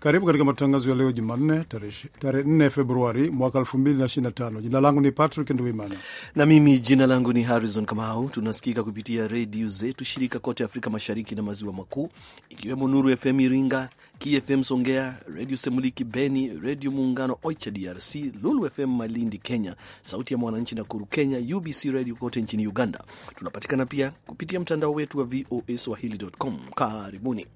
Karibu katika matangazo ya leo Jumanne, tarehe 4 Februari mwaka 2025. Jina langu ni Patrick Nduimana na mimi jina langu ni Harrison Kamau. Tunasikika kupitia redio zetu shirika kote Afrika Mashariki na Maziwa Makuu, ikiwemo Nuru FM Iringa, KFM Songea, Redio Semuliki Beni, Redio Muungano Oicha DRC, Lulu FM Malindi Kenya, Sauti ya Mwananchi Nakuru Kenya, UBC Redio kote nchini Uganda. Tunapatikana pia kupitia mtandao wetu wa VOA Swahili.com. Karibuni.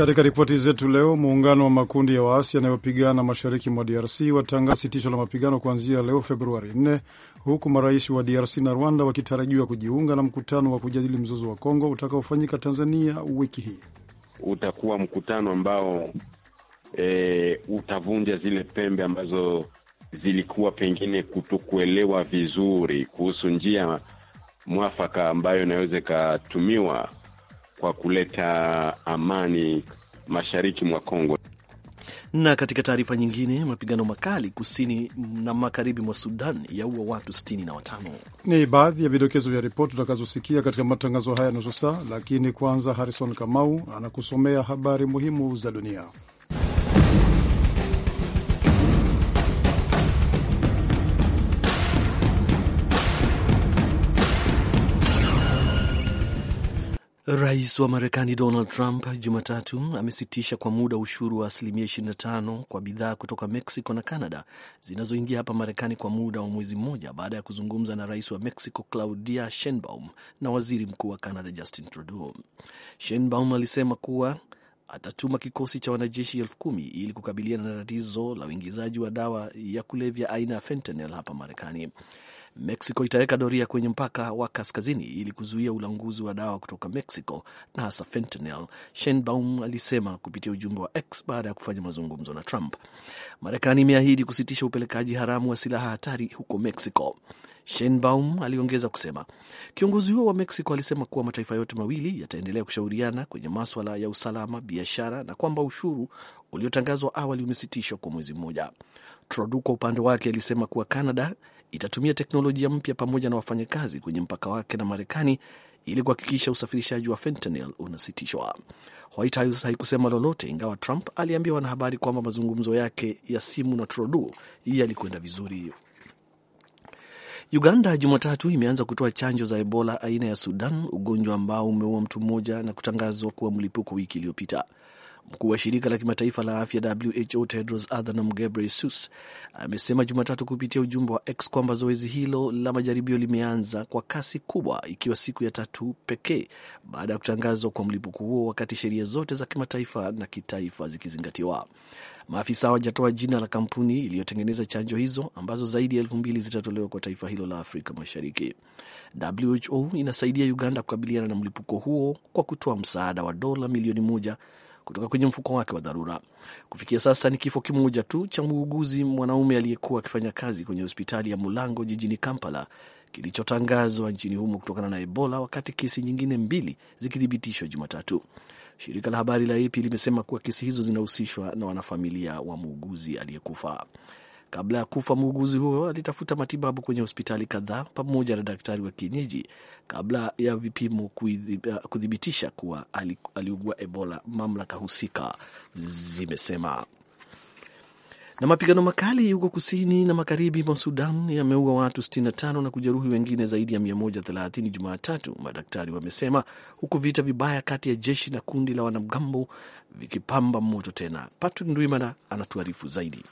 Katika ripoti zetu leo, muungano wa makundi ya waasi yanayopigana mashariki mwa DRC watangaza sitisho la mapigano kuanzia leo Februari 4, huku marais wa DRC na Rwanda wakitarajiwa kujiunga na mkutano wa kujadili mzozo wa Kongo utakaofanyika Tanzania wiki hii. Utakuwa mkutano ambao e, utavunja zile pembe ambazo zilikuwa pengine kutokuelewa vizuri kuhusu njia mwafaka ambayo inaweza ikatumiwa kwa kuleta amani mashariki mwa Kongo. Na katika taarifa nyingine, mapigano makali kusini na magharibi mwa Sudan yaua watu 65. Ni baadhi ya vidokezo vya ripoti utakazosikia katika matangazo haya nusu saa, lakini kwanza, Harrison Kamau anakusomea habari muhimu za dunia. Rais wa Marekani Donald Trump Jumatatu amesitisha kwa muda ushuru wa asilimia 25 kwa bidhaa kutoka Mexico na Canada zinazoingia hapa Marekani kwa muda wa mwezi mmoja baada ya kuzungumza na rais wa Mexico Claudia Sheinbaum na waziri mkuu wa Canada Justin Trudeau. Sheinbaum alisema kuwa atatuma kikosi cha wanajeshi elfu kumi ili kukabiliana na tatizo la uingizaji wa dawa ya kulevya aina ya fentanyl hapa Marekani. Mexico itaweka doria kwenye mpaka wa kaskazini ili kuzuia ulanguzi wa dawa kutoka Mexico na hasa fentanyl, Sheinbaum alisema kupitia ujumbe wa X baada ya kufanya mazungumzo na Trump. Marekani imeahidi kusitisha upelekaji haramu wa silaha hatari huko Mexico. Sheinbaum aliongeza kusema kiongozi huo wa Mexico alisema kuwa mataifa yote mawili yataendelea kushauriana kwenye maswala ya usalama, biashara na kwamba ushuru uliotangazwa awali umesitishwa kwa mwezi mmoja. Trudeau kwa upande wake alisema kuwa Canada itatumia teknolojia mpya pamoja na wafanyakazi kwenye mpaka wake na Marekani ili kuhakikisha usafirishaji wa fentanyl unasitishwa. White House haikusema lolote, ingawa Trump aliambia wanahabari kwamba mazungumzo yake ya simu na Trudeau yalikwenda vizuri. Uganda Jumatatu imeanza kutoa chanjo za Ebola aina ya Sudan, ugonjwa ambao umeua mtu mmoja na kutangazwa kuwa mlipuko wiki iliyopita. Mkuu wa shirika la kimataifa la afya WHO Tedros Adhanom Ghebreyesus amesema Jumatatu kupitia ujumbe wa X kwamba zoezi hilo la majaribio limeanza kwa kasi kubwa, ikiwa siku ya tatu pekee baada ya kutangazwa kwa mlipuko huo, wakati sheria zote za kimataifa na kitaifa zikizingatiwa. Maafisa hawajatoa jina la kampuni iliyotengeneza chanjo hizo ambazo zaidi ya elfu mbili zitatolewa kwa taifa hilo la Afrika Mashariki. WHO inasaidia Uganda kukabiliana na mlipuko huo kwa kutoa msaada wa dola milioni moja kutoka kwenye mfuko wake wa dharura. Kufikia sasa ni kifo kimoja tu cha muuguzi mwanaume aliyekuwa akifanya kazi kwenye hospitali ya Mulango jijini Kampala kilichotangazwa nchini humo kutokana na Ebola, wakati kesi nyingine mbili zikithibitishwa Jumatatu. Shirika la habari la AP limesema kuwa kesi hizo zinahusishwa na wanafamilia wa muuguzi aliyekufa. Kabla ya kufa, muuguzi huyo alitafuta matibabu kwenye hospitali kadhaa pamoja na daktari wa kienyeji kabla ya vipimo kuthibitisha kuwa aliugua Ebola, mamlaka husika zimesema. Na mapigano makali huko kusini na magharibi mwa Sudan yameua watu 65 na kujeruhi wengine zaidi ya 130 Jumatatu, madaktari wamesema, huku vita vibaya kati ya jeshi na kundi la wanamgambo vikipamba moto tena. Patrick Ndwimana anatuarifu zaidi.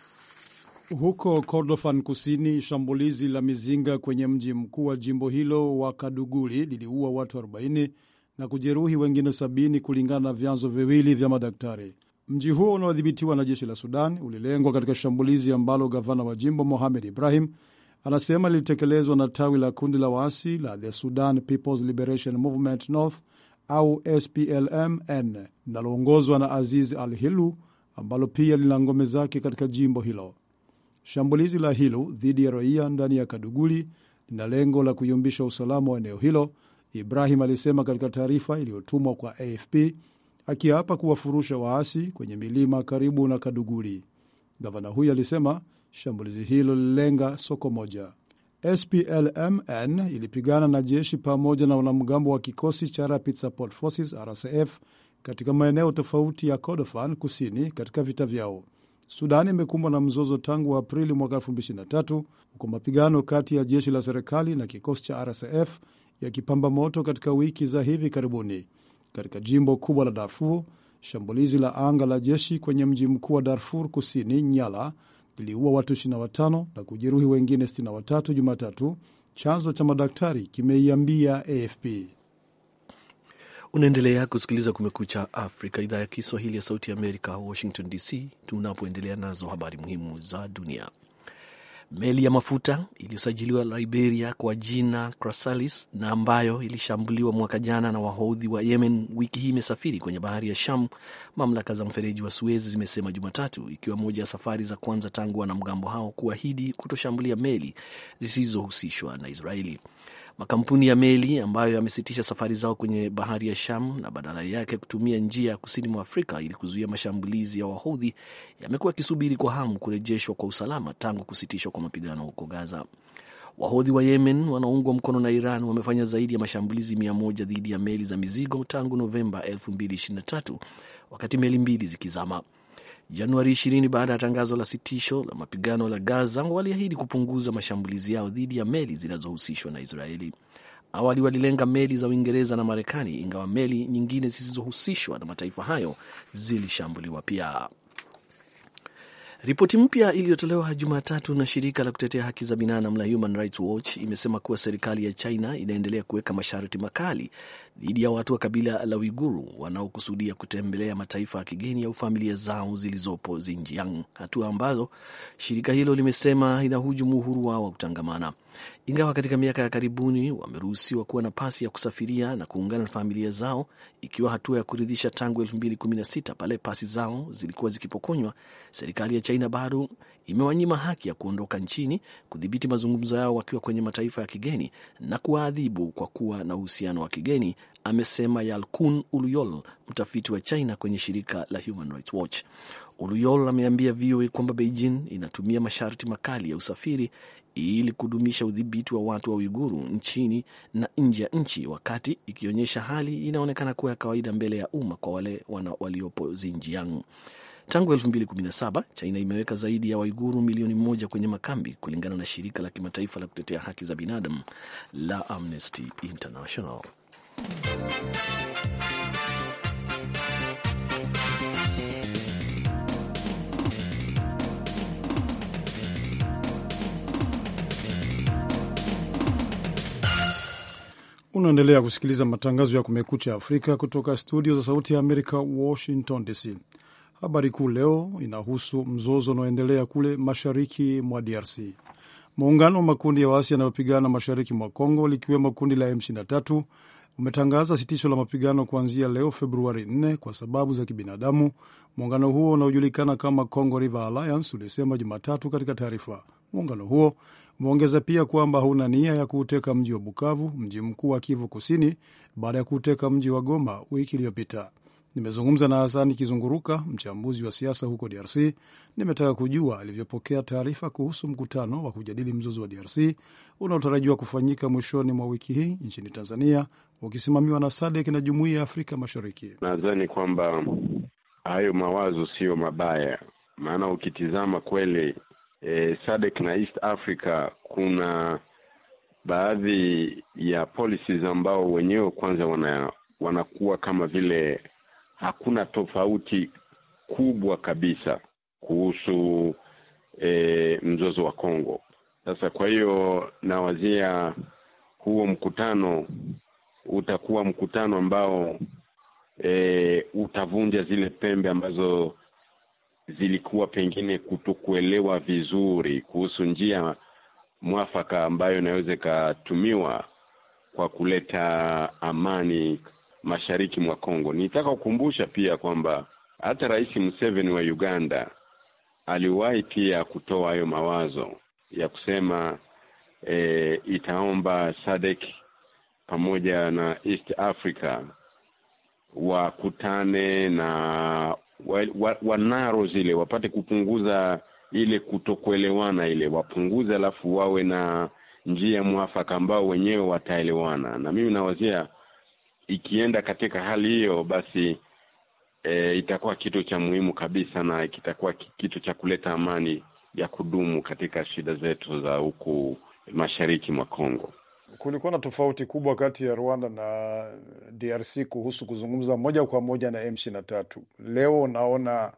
Huko Kordofan Kusini, shambulizi la mizinga kwenye mji mkuu wa jimbo hilo wa Kaduguli liliua watu 40 na kujeruhi wengine 70 kulingana na vyanzo viwili vya madaktari. Mji huo unaodhibitiwa na jeshi la Sudan ulilengwa katika shambulizi ambalo gavana wa jimbo Mohamed Ibrahim anasema lilitekelezwa na tawi la kundi la waasi la The Sudan People's Liberation Movement North au SPLMN linaloongozwa na Aziz Al Hilu ambalo pia lina ngome zake katika jimbo hilo. Shambulizi la hilo dhidi ya raia ndani ya Kaduguli lina lengo la kuyumbisha usalama wa eneo hilo, Ibrahim alisema katika taarifa iliyotumwa kwa AFP, akiapa kuwafurusha waasi kwenye milima karibu na Kaduguli. Gavana huyo alisema shambulizi hilo lililenga soko moja. SPLMN ilipigana na jeshi pamoja na wanamgambo wa kikosi cha Rapid Support Forces RSF katika maeneo tofauti ya Kordofan kusini katika vita vyao. Sudani imekumbwa na mzozo tangu Aprili mwaka 2023 huku mapigano kati ya jeshi la serikali na kikosi cha RSF yakipamba moto katika wiki za hivi karibuni. Katika jimbo kubwa la Darfur, shambulizi la anga la jeshi kwenye mji mkuu wa Darfur Kusini, Nyala, liliua watu 25 na kujeruhi wengine 63 Jumatatu, chanzo cha madaktari kimeiambia AFP. Unaendelea kusikiliza Kumekucha Afrika, idhaa ya Kiswahili ya Sauti ya Amerika, Washington DC, tunapoendelea nazo habari muhimu za dunia. Meli ya mafuta iliyosajiliwa Liberia kwa jina Crasalis na ambayo ilishambuliwa mwaka jana na wahodhi wa Yemen wiki hii imesafiri kwenye bahari ya Sham, mamlaka za mfereji wa Suez zimesema Jumatatu, ikiwa moja ya safari za kwanza tangu wanamgambo hao kuahidi kutoshambulia meli zisizohusishwa na Israeli. Makampuni ya meli ambayo yamesitisha safari zao kwenye bahari ya Sham na badala yake kutumia njia ya kusini mwa Afrika ili kuzuia mashambulizi ya Wahodhi yamekuwa yakisubiri kwa hamu kurejeshwa kwa usalama tangu kusitishwa kwa mapigano huko Gaza. Wahodhi wa Yemen wanaoungwa mkono na Iran wamefanya zaidi ya mashambulizi mia moja dhidi ya meli za mizigo tangu Novemba 2023 wakati meli mbili zikizama. Januari 20 baada ya tangazo la sitisho la mapigano la Gaza, waliahidi kupunguza mashambulizi yao dhidi ya meli zinazohusishwa na Israeli. Awali walilenga meli za Uingereza na Marekani, ingawa meli nyingine zisizohusishwa na mataifa hayo zilishambuliwa pia. Ripoti mpya iliyotolewa Jumatatu na shirika la kutetea haki za binadamu la Human Rights Watch imesema kuwa serikali ya China inaendelea kuweka masharti makali dhidi ya watu wa kabila la Uiguru wanaokusudia kutembelea mataifa ya kigeni au familia zao zilizopo Xinjiang, hatua ambazo shirika hilo limesema inahujumu uhuru wao wa kutangamana ingawa katika miaka ya karibuni wameruhusiwa kuwa na pasi ya kusafiria na kuungana na familia zao, ikiwa hatua ya kuridhisha tangu 2016 pale pasi zao zilikuwa zikipokonywa. Serikali ya China bado imewanyima haki ya kuondoka nchini, kudhibiti mazungumzo yao wakiwa kwenye mataifa ya kigeni na kuwaadhibu kwa kuwa na uhusiano wa kigeni, amesema Yalkun Uluyol, mtafiti wa China kwenye shirika la Human Rights Watch. Uluyol ameambia VOA kwamba Beijing inatumia masharti makali ya usafiri ili kudumisha udhibiti wa watu wa Uiguru nchini na nje ya nchi, wakati ikionyesha hali inaonekana kuwa ya kawaida mbele ya umma kwa wale waliopo Zinjiang. Tangu 2017 China imeweka zaidi ya Waiguru milioni moja kwenye makambi kulingana na shirika la kimataifa la kutetea haki za binadamu la Amnesty International. Unaendelea kusikiliza matangazo ya Kumekucha Afrika kutoka studio za Sauti ya Amerika, Washington DC. Habari kuu leo inahusu mzozo unaoendelea kule mashariki mwa DRC. Muungano wa makundi ya waasi yanayopigana mashariki mwa congo likiwemo kundi la M23 umetangaza sitisho la mapigano kuanzia leo Februari 4 kwa sababu za kibinadamu. Muungano huo unaojulikana kama Congo River Alliance ulisema Jumatatu katika taarifa. Muungano huo umeongeza pia kwamba hauna nia ya kuuteka mji wa Bukavu, mji mkuu wa Kivu Kusini, baada ya kuuteka mji wa Goma wiki iliyopita. Nimezungumza na Hasani Kizunguruka, mchambuzi wa siasa huko DRC. Nimetaka kujua alivyopokea taarifa kuhusu mkutano wa kujadili mzozo wa DRC unaotarajiwa kufanyika mwishoni mwa wiki hii nchini Tanzania, ukisimamiwa na SADC na Jumuiya ya Afrika Mashariki. Nadhani kwamba hayo mawazo siyo mabaya, maana ukitizama kweli e, SADC na East Africa kuna baadhi ya policies ambao wenyewe kwanza wana, wanakuwa kama vile hakuna tofauti kubwa kabisa kuhusu e, mzozo wa Kongo. Sasa kwa hiyo nawazia huo mkutano utakuwa mkutano ambao e, utavunja zile pembe ambazo zilikuwa pengine kutokuelewa vizuri kuhusu njia mwafaka ambayo inaweza ikatumiwa kwa kuleta amani mashariki mwa Kongo. Nitaka kukumbusha pia kwamba hata Rais Museveni wa Uganda aliwahi pia kutoa hayo mawazo ya kusema e, itaomba SADC pamoja na East Africa wakutane na wanaro wa, wa zile wapate kupunguza ile kutokuelewana ile wapunguze, alafu wawe na njia mwafaka ambao wenyewe wataelewana. Na mimi nawazia ikienda katika hali hiyo, basi e, itakuwa kitu cha muhimu kabisa na kitakuwa kitu cha kuleta amani ya kudumu katika shida zetu za huku mashariki mwa Kongo kulikuwa na tofauti kubwa kati ya Rwanda na DRC kuhusu kuzungumza moja kwa moja na M23. Leo naona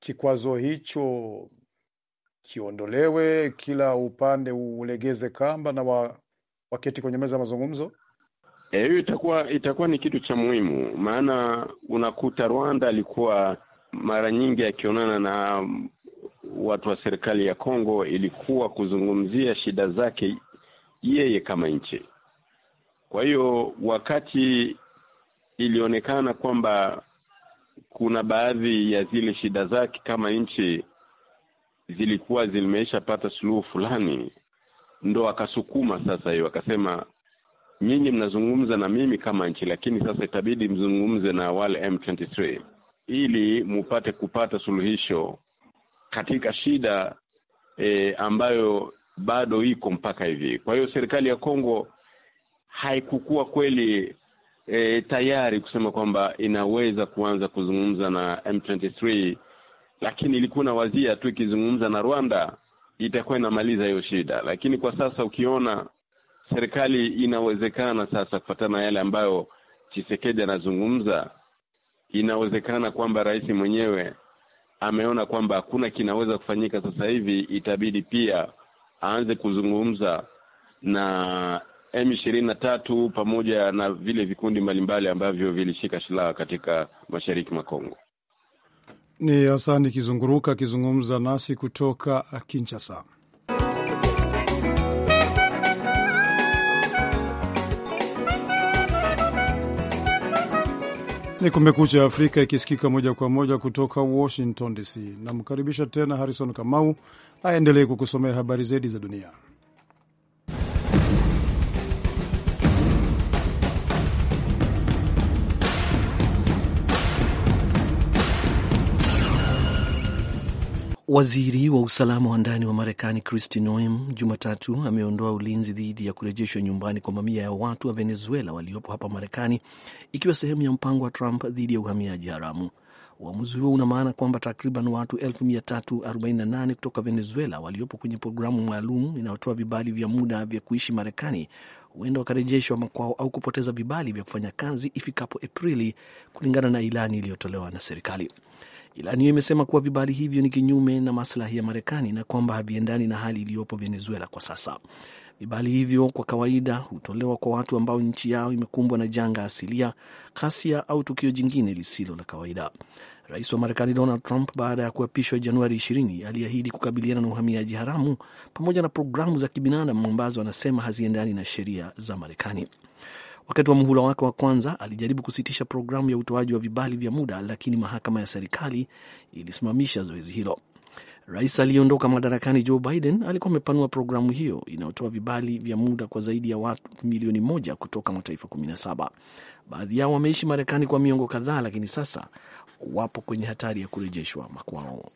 kikwazo hicho kiondolewe, kila upande ulegeze kamba na wa, waketi kwenye meza ya mazungumzo. Eh, hiyo e, itakuwa itakuwa ni kitu cha muhimu, maana unakuta Rwanda alikuwa mara nyingi akionana na watu wa serikali ya Kongo ilikuwa kuzungumzia shida zake yeye kama nchi. Kwa hiyo wakati ilionekana kwamba kuna baadhi ya zile shida zake kama nchi zilikuwa zimeshapata suluhu fulani, ndo akasukuma sasa hiyo, akasema nyinyi mnazungumza na mimi kama nchi, lakini sasa itabidi mzungumze na wale M23 ili mupate kupata suluhisho katika shida e, ambayo bado iko mpaka hivi. Kwa hiyo serikali ya Kongo haikukuwa kweli e, tayari kusema kwamba inaweza kuanza kuzungumza na M23, lakini ilikuwa na wazia tu ikizungumza na Rwanda itakuwa inamaliza hiyo shida. Lakini kwa sasa ukiona serikali inawezekana sasa, kufuatana na yale ambayo Chisekedi anazungumza, inawezekana kwamba rais mwenyewe ameona kwamba hakuna kinaweza kufanyika sasa hivi, itabidi pia aanze kuzungumza na M ishirini na tatu pamoja na vile vikundi mbalimbali ambavyo vilishika silaha katika mashariki mwa Kongo. Ni Hasani Kizunguruka akizungumza nasi kutoka Kinshasa. Ni Kumekucha Afrika ikisikika moja kwa moja kutoka Washington DC. Namkaribisha tena Harrison Kamau aendelee kukusomea habari zaidi za dunia. Waziri wa usalama wa ndani wa Marekani Kristi Noem Jumatatu ameondoa ulinzi dhidi ya kurejeshwa nyumbani kwa mamia ya watu wa Venezuela waliopo hapa Marekani, ikiwa sehemu ya mpango wa Trump dhidi ya uhamiaji haramu. Uamuzi huo una maana kwamba takriban watu 348 kutoka Venezuela waliopo kwenye programu maalum inayotoa vibali vya muda vya kuishi Marekani huenda wakarejeshwa makwao au kupoteza vibali vya kufanya kazi ifikapo Aprili, kulingana na ilani iliyotolewa na serikali. Ilani hiyo imesema kuwa vibali hivyo ni kinyume na maslahi ya Marekani na kwamba haviendani na hali iliyopo Venezuela kwa sasa. Vibali hivyo kwa kawaida hutolewa kwa watu ambao nchi yao imekumbwa na janga asilia, ghasia au tukio jingine lisilo la kawaida. Rais wa Marekani Donald Trump, baada ya kuapishwa Januari 20, aliahidi kukabiliana na uhamiaji haramu pamoja na programu za kibinadamu ambazo anasema haziendani na sheria za Marekani. Wakati wa muhula wake wa kwanza alijaribu kusitisha programu ya utoaji wa vibali vya muda, lakini mahakama ya serikali ilisimamisha zoezi hilo. Rais aliyeondoka madarakani Joe Biden alikuwa amepanua programu hiyo inayotoa vibali vya muda kwa zaidi ya watu milioni moja kutoka mataifa 17. Baadhi yao wameishi Marekani kwa miongo kadhaa, lakini sasa wapo kwenye hatari ya kurejeshwa makwao.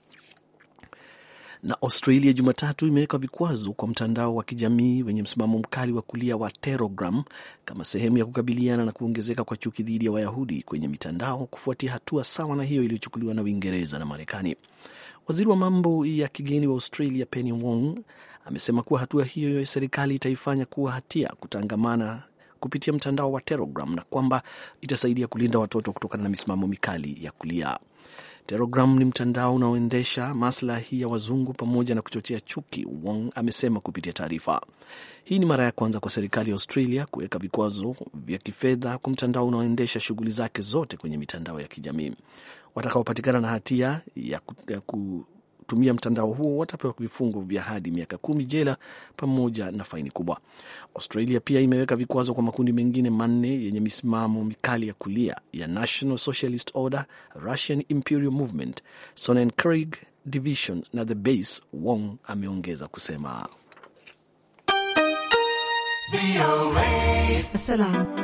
Na Australia Jumatatu imeweka vikwazo kwa mtandao wa kijamii wenye msimamo mkali wa kulia wa Telegram kama sehemu ya kukabiliana na kuongezeka kwa chuki dhidi ya Wayahudi kwenye mitandao kufuatia hatua sawa na hiyo iliyochukuliwa na Uingereza na Marekani. Waziri wa mambo ya kigeni wa Australia Penny Wong amesema kuwa hatua hiyo ya serikali itaifanya kuwa hatia kutangamana kupitia mtandao wa Telegram na kwamba itasaidia kulinda watoto kutokana na misimamo mikali ya kulia. Telegram ni mtandao unaoendesha maslahi ya wazungu pamoja na kuchochea chuki, Wong amesema kupitia taarifa. Hii ni mara ya kwanza kwa serikali ya Australia kuweka vikwazo vya kifedha kwa mtandao unaoendesha shughuli zake zote kwenye mitandao ya kijamii. Watakaopatikana na hatia ya, ku, ya ku, kutumia mtandao huo watapewa vifungo vya hadi miaka kumi jela pamoja na faini kubwa. Australia pia imeweka vikwazo kwa makundi mengine manne yenye misimamo mikali ya kulia ya National Socialist Order, Russian Imperial Movement, Sonnenkrieg Division na The Base. Wong ameongeza kusema Salam.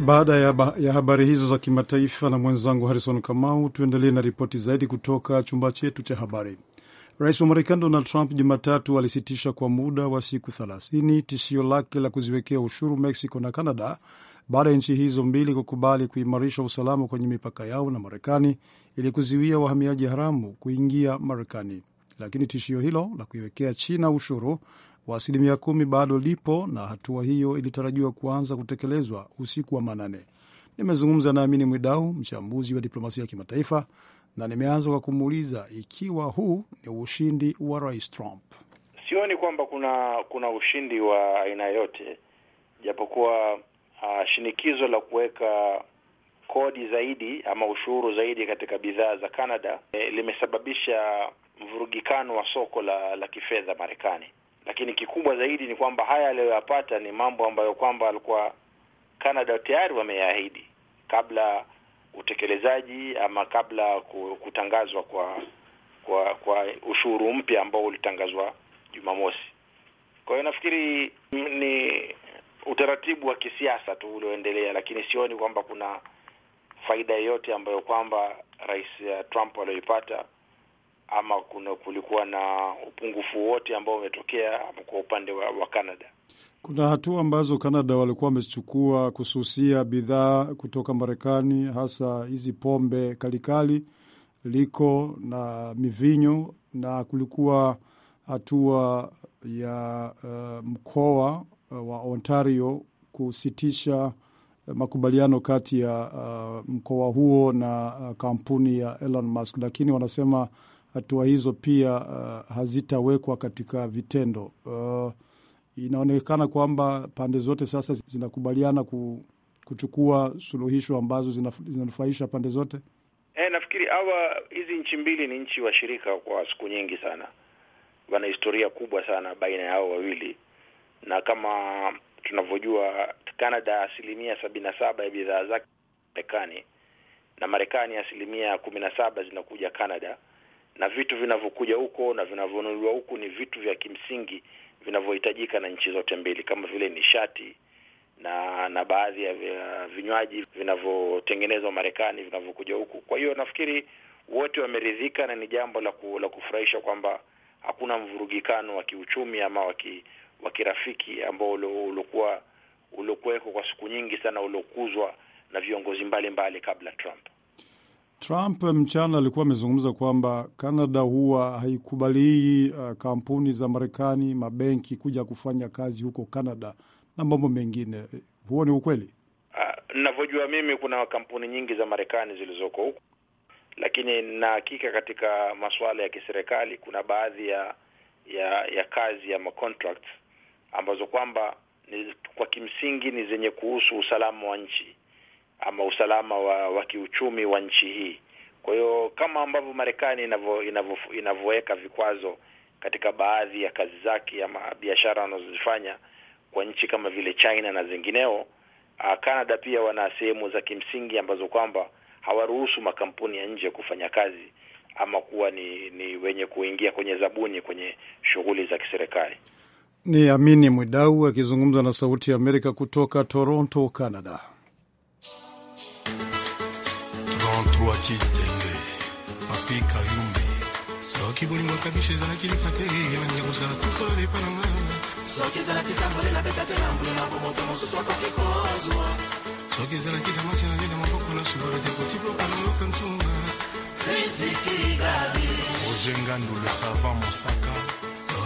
Baada ya, ya habari hizo za kimataifa na mwenzangu Harrison Kamau, tuendelee na ripoti zaidi kutoka chumba chetu cha habari. Rais wa Marekani Donald Trump Jumatatu alisitisha kwa muda wa siku 30 tishio lake la kuziwekea ushuru Mexico na Canada baada ya nchi hizo mbili kukubali kuimarisha usalama kwenye mipaka yao na Marekani ili kuziwia wahamiaji haramu kuingia Marekani. Lakini tishio hilo la kuiwekea China ushuru kwa asilimia kumi bado lipo na hatua hiyo ilitarajiwa kuanza kutekelezwa usiku wa manane. Nimezungumza na Amini Mwidau, mchambuzi wa diplomasia ya kimataifa, na nimeanza kwa kumuuliza ikiwa huu ni ushindi wa Rais Trump. Sioni kwamba kuna kuna ushindi wa aina yote, japokuwa uh, shinikizo la kuweka kodi zaidi ama ushuru zaidi katika bidhaa za Canada e, limesababisha mvurugikano wa soko la la kifedha Marekani lakini kikubwa zaidi ni kwamba haya aliyoyapata ni mambo ambayo kwamba alikuwa Canada tayari wameyaahidi kabla utekelezaji ama kabla kutangazwa kwa kwa kwa ushuru mpya ambao ulitangazwa Jumamosi. Kwa hiyo nafikiri ni utaratibu wa kisiasa tu ulioendelea, lakini sioni kwamba kuna faida yoyote ambayo kwamba Rais eh, Trump aliyoipata ama kuna kulikuwa na upungufu wote ambao umetokea kwa upande wa, wa Canada. Kuna hatua ambazo Canada walikuwa wamezichukua kususia bidhaa kutoka Marekani, hasa hizi pombe kalikali, liko na mivinyo, na kulikuwa hatua ya uh, mkoa uh, wa Ontario kusitisha makubaliano kati ya uh, mkoa huo na uh, kampuni ya Elon Musk, lakini wanasema hatua hizo pia uh, hazitawekwa katika vitendo. Uh, inaonekana kwamba pande zote sasa zinakubaliana kuchukua suluhisho ambazo zinanufaisha pande zote. E, nafikiri hawa hizi nchi mbili ni nchi washirika kwa siku nyingi sana, wana historia kubwa sana baina ya hao wawili, na kama tunavyojua Canada asilimia sabini na saba ya bidhaa zake Marekani na Marekani asilimia kumi na saba zinakuja Canada na vitu vinavyokuja huko na vinavyonunuliwa huku ni vitu vya kimsingi vinavyohitajika na nchi zote mbili, kama vile nishati na na baadhi ya vinywaji vinavyotengenezwa Marekani vinavyokuja huku. Kwa hiyo nafikiri wote wameridhika na ni jambo la la kufurahisha kwamba hakuna mvurugikano wa kiuchumi ama wa kirafiki ambao uliokuwa uliokuweko kwa siku nyingi sana uliokuzwa na viongozi mbalimbali kabla Trump. Trump eh, mchana alikuwa amezungumza kwamba Kanada huwa haikubalii uh, eh, kampuni za Marekani, mabenki kuja kufanya kazi huko Kanada na mambo mengine. Huo ni ukweli? Ah, ninavyojua navyojua mimi kuna kampuni nyingi za Marekani zilizoko huko, lakini na hakika katika masuala ya kiserikali kuna baadhi ya ya ya kazi ya macontracts ambazo kwamba kwa kimsingi ni zenye kuhusu usalama wa nchi ama usalama wa, wa kiuchumi wa nchi hii. Kwa hiyo kama ambavyo Marekani inavyoweka vikwazo katika baadhi ya kazi zake ama biashara wanazozifanya kwa nchi kama vile China na zingineo, ah, Canada pia wana sehemu za kimsingi ambazo kwamba hawaruhusu makampuni ya nje kufanya kazi ama kuwa ni, ni wenye kuingia kwenye zabuni kwenye shughuli za kiserikali. Ni Amini Mwidau akizungumza na Sauti ya Amerika kutoka Toronto, Canada. wa kijembe mapika yumbi soki bolingo ezalaki elangi ya soki ezalaki na beta te na na bomoto mosusu akoki kozwa soki ezalaki na maboko na kotiboka na ntunga riziki gabi le mosaka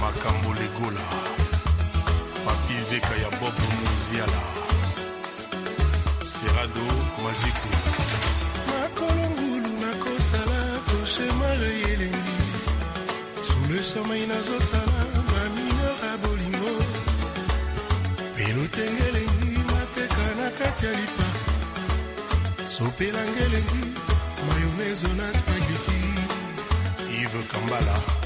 makambo legola papizeka ya bob moziala serado maziku makolo kosa nakosala toshemale elengi sule somei nazosala baminor ya bolingo pelotengelengi mateka na kati ya lipa sopelangelengi mayonnaise na spageti ive kambala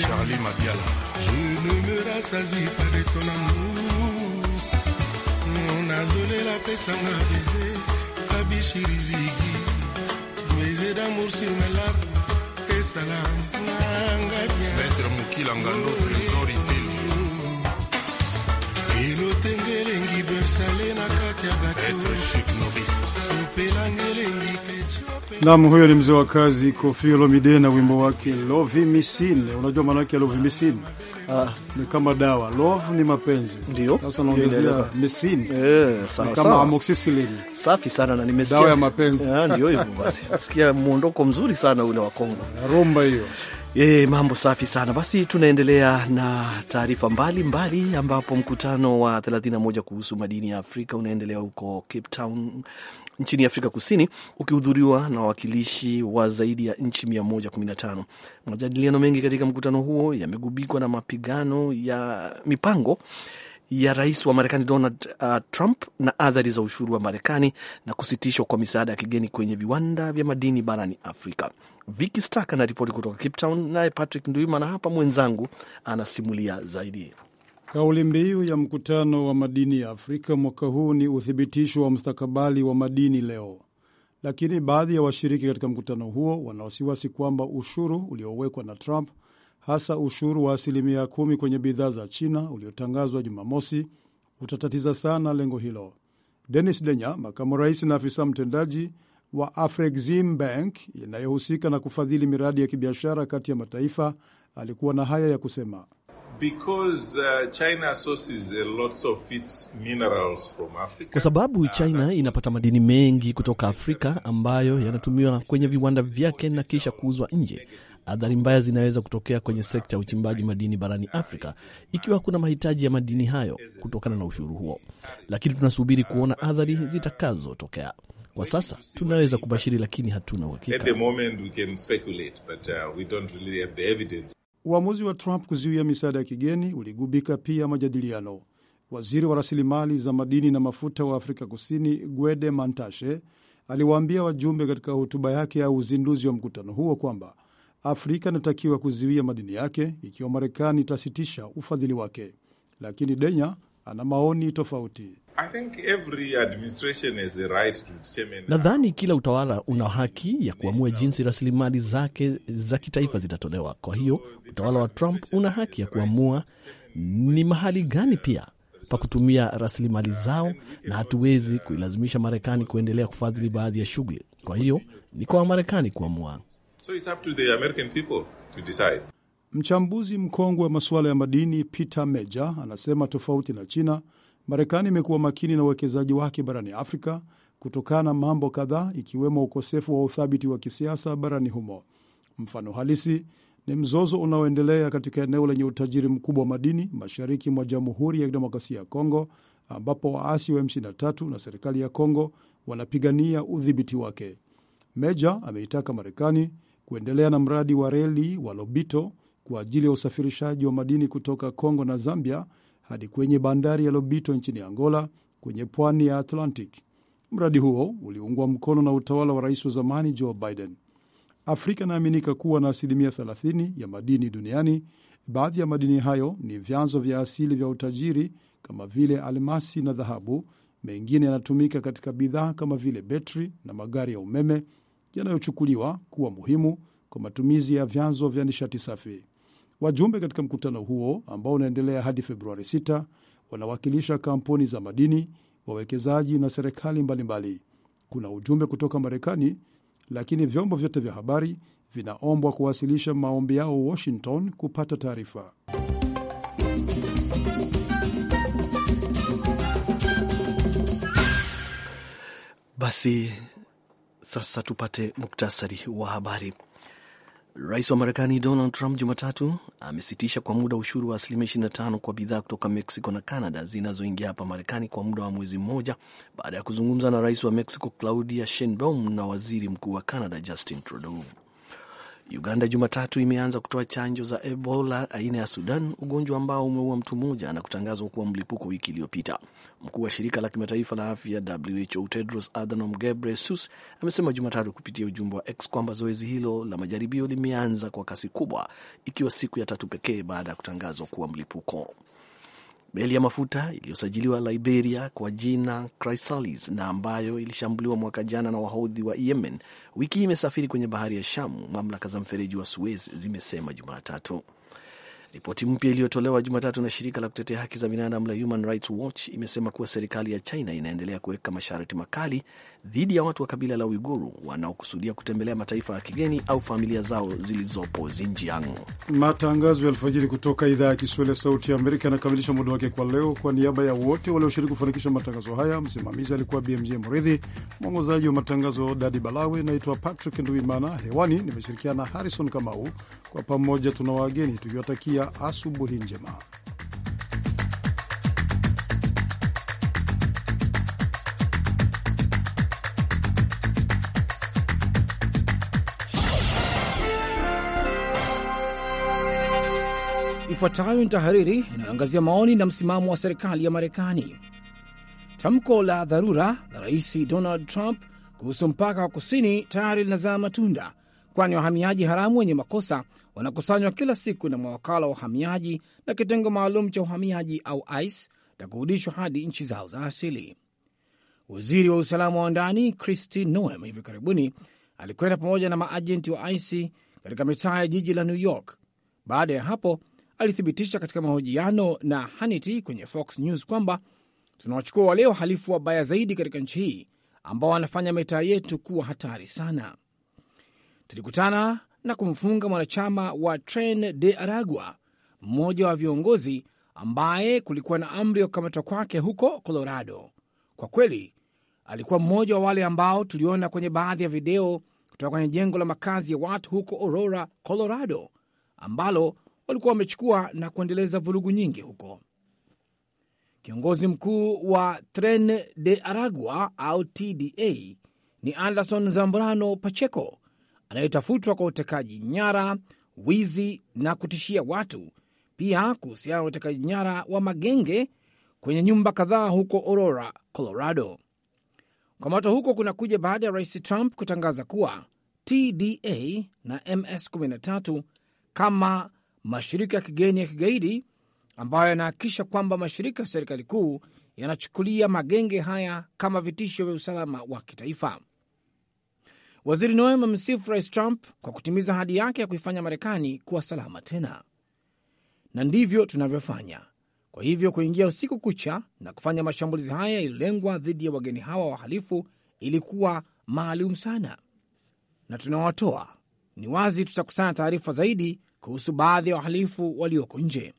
Charlie Madiala. Je ne me rassasie pas de ton amour. Non, nazolela pesanga baiser. Kabishiri Ziggy. Baiser d'amour sur mes larmes. Et salam. Nanga bien. Maître Moukila Ngando, trésor itel. Elotenge lengi bersale na kati ya gato. Maître Chic Novice. Nam, huyo ni mzee wa kazi Kofi Olomide na wimbo wake Lovimicin. Unajua maana yake Lovimicin? Ah, ni kama dawa. Love ni mapenzi, ndio. Sasa naongezea misin, eh, sawa sawa, amoxicillin. Safi sana, na nimesikia dawa ya mapenzi, ah, ndio hivyo. Basi Nasikia muondoko mzuri sana ule wa Kongo, rumba hiyo. E, mambo safi sana. Basi tunaendelea na taarifa mbalimbali, ambapo mkutano wa 31 kuhusu madini ya Afrika unaendelea huko Cape Town nchini Afrika Kusini, ukihudhuriwa na wawakilishi wa zaidi ya nchi 115. Majadiliano mengi katika mkutano huo yamegubikwa na mapigano ya mipango ya rais wa Marekani Donald uh, Trump na athari za ushuru wa Marekani na kusitishwa kwa misaada ya kigeni kwenye viwanda vya madini barani Afrika. Viki Staka na ripoti kutoka Cape Town, naye Patrick Nduima na hapa mwenzangu anasimulia zaidi. Kauli mbiu ya mkutano wa madini ya Afrika mwaka huu ni uthibitisho wa mustakabali wa madini leo, lakini baadhi ya washiriki katika mkutano huo wana wasiwasi kwamba ushuru uliowekwa na Trump hasa ushuru wa asilimia kumi kwenye bidhaa za China uliotangazwa Jumamosi utatatiza sana lengo hilo. Denis Denya, makamu rais na afisa mtendaji wa Afrexim Bank inayohusika na kufadhili miradi ya kibiashara kati ya mataifa, alikuwa na haya ya kusema. Uh, Kwa sababu ah, China inapata madini mengi kutoka Afrika ambayo yanatumiwa kwenye viwanda vyake na kisha kuuzwa nje. Athari mbaya zinaweza kutokea kwenye sekta ya uchimbaji madini barani Afrika ikiwa hakuna mahitaji ya madini hayo kutokana na ushuru huo, lakini tunasubiri kuona athari zitakazotokea. Kwa sasa tunaweza kubashiri, lakini hatuna uhakika. Uh, Uamuzi wa Trump kuzuia misaada ya kigeni uligubika pia majadiliano. Waziri wa rasilimali za madini na mafuta wa Afrika Kusini Gwede Mantashe aliwaambia wajumbe katika hotuba yake ya uzinduzi wa mkutano huo kwamba Afrika inatakiwa kuzuia madini yake ikiwa Marekani itasitisha ufadhili wake, lakini Denya ana maoni tofauti. Right nadhani kila utawala una haki ya kuamua jinsi rasilimali zake za kitaifa zitatolewa. Kwa hiyo utawala wa Trump una haki ya kuamua ni mahali gani pia pa kutumia rasilimali zao, na hatuwezi kuilazimisha Marekani kuendelea kufadhili baadhi ya shughuli. Kwa hiyo ni kwa Wamarekani kuamua. So it's up to the American people to decide. Mchambuzi mkongwe wa masuala ya madini Peter Meja anasema tofauti na China, Marekani imekuwa makini na uwekezaji wake barani Afrika kutokana na mambo kadhaa ikiwemo ukosefu wa uthabiti wa kisiasa barani humo. Mfano halisi ni mzozo unaoendelea katika eneo lenye utajiri mkubwa wa madini mashariki mwa Jamhuri ya Kidemokrasia ya Kongo, ambapo waasi wa M23 na serikali ya Kongo wanapigania udhibiti wake. Meja ameitaka Marekani kuendelea na mradi wa reli wa Lobito kwa ajili ya usafirishaji wa madini kutoka Kongo na Zambia hadi kwenye bandari ya Lobito nchini Angola kwenye pwani ya Atlantic. Mradi huo uliungwa mkono na utawala wa rais wa zamani Joe Biden. Afrika inaaminika kuwa na asilimia 30 ya madini duniani. Baadhi ya madini hayo ni vyanzo vya asili vya utajiri kama vile almasi na dhahabu. Mengine yanatumika katika bidhaa kama vile betri na magari ya umeme yanayochukuliwa kuwa muhimu kwa matumizi ya vyanzo vya nishati safi. Wajumbe katika mkutano huo ambao unaendelea hadi Februari 6 wanawakilisha kampuni za madini, wawekezaji na serikali mbalimbali. Kuna ujumbe kutoka Marekani, lakini vyombo vyote vya habari vinaombwa kuwasilisha maombi yao Washington kupata taarifa. Basi sasa tupate muktasari wa habari. Rais wa Marekani Donald Trump Jumatatu amesitisha kwa muda ushuru wa asilimia 25 kwa bidhaa kutoka Mexico na Canada zinazoingia hapa Marekani kwa muda wa mwezi mmoja baada ya kuzungumza na rais wa Mexico Claudia Sheinbaum na waziri mkuu wa Canada Justin Trudeau. Uganda Jumatatu imeanza kutoa chanjo za Ebola aina ya Sudan, ugonjwa ambao umeua mtu mmoja na kutangazwa kuwa mlipuko wiki iliyopita. Mkuu wa shirika la kimataifa la afya WHO Tedros Adhanom Ghebreyesus amesema Jumatatu kupitia ujumbe wa X kwamba zoezi hilo la majaribio limeanza kwa kasi kubwa, ikiwa siku ya tatu pekee baada ya kutangazwa kuwa mlipuko. Meli ya mafuta iliyosajiliwa Liberia kwa jina Chrysalis na ambayo ilishambuliwa mwaka jana na wahodhi wa Yemen wiki hii imesafiri kwenye bahari ya Shamu, mamlaka za mfereji wa Suez zimesema Jumatatu. Ripoti mpya iliyotolewa Jumatatu na shirika la kutetea haki za binadamu la Human Rights Watch imesema kuwa serikali ya China inaendelea kuweka masharti makali dhidi ya watu wa kabila la Uiguru wanaokusudia kutembelea mataifa ya kigeni au familia zao zilizopo Zinjiang. Matangazo ya alfajiri kutoka idhaa ya Kiswahili ya Sauti ya Amerika yanakamilisha muda wake kwa leo. Kwa niaba ya wote walioshiriki kufanikisha matangazo haya, msimamizi alikuwa BMJ Mridhi, mwongozaji wa matangazo Dadi Balawe. Naitwa Patrick Nduimana, hewani nimeshirikiana na Harrison Kamau. Kwa pamoja tuna wageni tukiwatakia asubuhi njema. Ifuatayo ni tahariri inayoangazia maoni na msimamo wa serikali ya Marekani. Tamko la dharura la Rais Donald Trump kuhusu mpaka wa kusini tayari linazaa matunda, kwani wahamiaji haramu wenye makosa wanakusanywa kila siku na mawakala wa uhamiaji na kitengo maalum cha uhamiaji au ICE na kurudishwa hadi nchi zao za asili. Waziri wa usalama wa ndani Kristi Noem hivi karibuni alikwenda pamoja na maajenti wa ICE katika mitaa ya jiji la New York. Baada ya hapo alithibitisha katika mahojiano na Hannity kwenye Fox News kwamba tunawachukua wale wahalifu wabaya zaidi katika nchi hii ambao wanafanya mitaa yetu kuwa hatari sana. Tulikutana na kumfunga mwanachama wa Tren de Aragua, mmoja wa viongozi ambaye kulikuwa na amri ya kukamatwa kwake huko Colorado. Kwa kweli alikuwa mmoja wa wale ambao tuliona kwenye baadhi ya video kutoka kwenye jengo la makazi ya watu huko Aurora, Colorado, ambalo walikuwa wamechukua na kuendeleza vurugu nyingi huko. Kiongozi mkuu wa Tren de Aragua au TDA ni Anderson Zambrano Pacheco anayetafutwa kwa utekaji nyara, wizi na kutishia watu, pia kuhusiana na utekaji nyara wa magenge kwenye nyumba kadhaa huko Aurora, Colorado. Kukamatwa huko kunakuja baada ya rais Trump kutangaza kuwa TDA na MS 13 kama mashirika ya kigeni ya kigaidi ambayo yanahakikisha kwamba mashirika ya serikali kuu yanachukulia magenge haya kama vitisho vya usalama wa kitaifa. Waziri Noem amemsifu Rais Trump kwa kutimiza ahadi yake ya kuifanya Marekani kuwa salama tena. Na ndivyo tunavyofanya. Kwa hivyo kuingia usiku kucha na kufanya mashambulizi haya yaliyolengwa dhidi ya wageni hawa wahalifu ilikuwa maalum sana, na tunawatoa. Ni wazi tutakusanya taarifa zaidi kuhusu baadhi ya wahalifu walioko nje.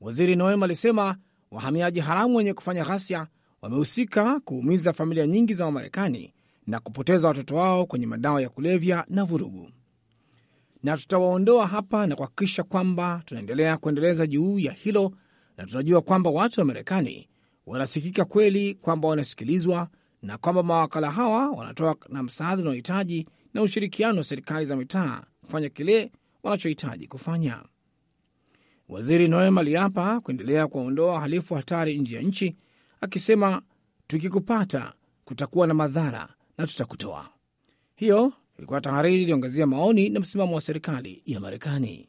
Waziri Noem alisema wahamiaji haramu wenye kufanya ghasia wamehusika kuumiza familia nyingi za Wamarekani na kupoteza watoto wao kwenye madawa ya kulevya na vurugu. Na tutawaondoa hapa na kuhakikisha kwamba tunaendelea kuendeleza juu ya hilo, na tunajua kwamba watu wa Marekani wanasikika kweli, kwamba wanasikilizwa na kwamba mawakala hawa wanatoa na msaada unaohitaji na ushirikiano wa serikali za mitaa kufanya kile wanachohitaji kufanya. Waziri Noem aliapa kuendelea kuwaondoa wahalifu hatari nje ya nchi, akisema tukikupata kutakuwa na madhara na tutakutoa. Hiyo ilikuwa tahariri iliyoangazia maoni na msimamo wa serikali ya Marekani.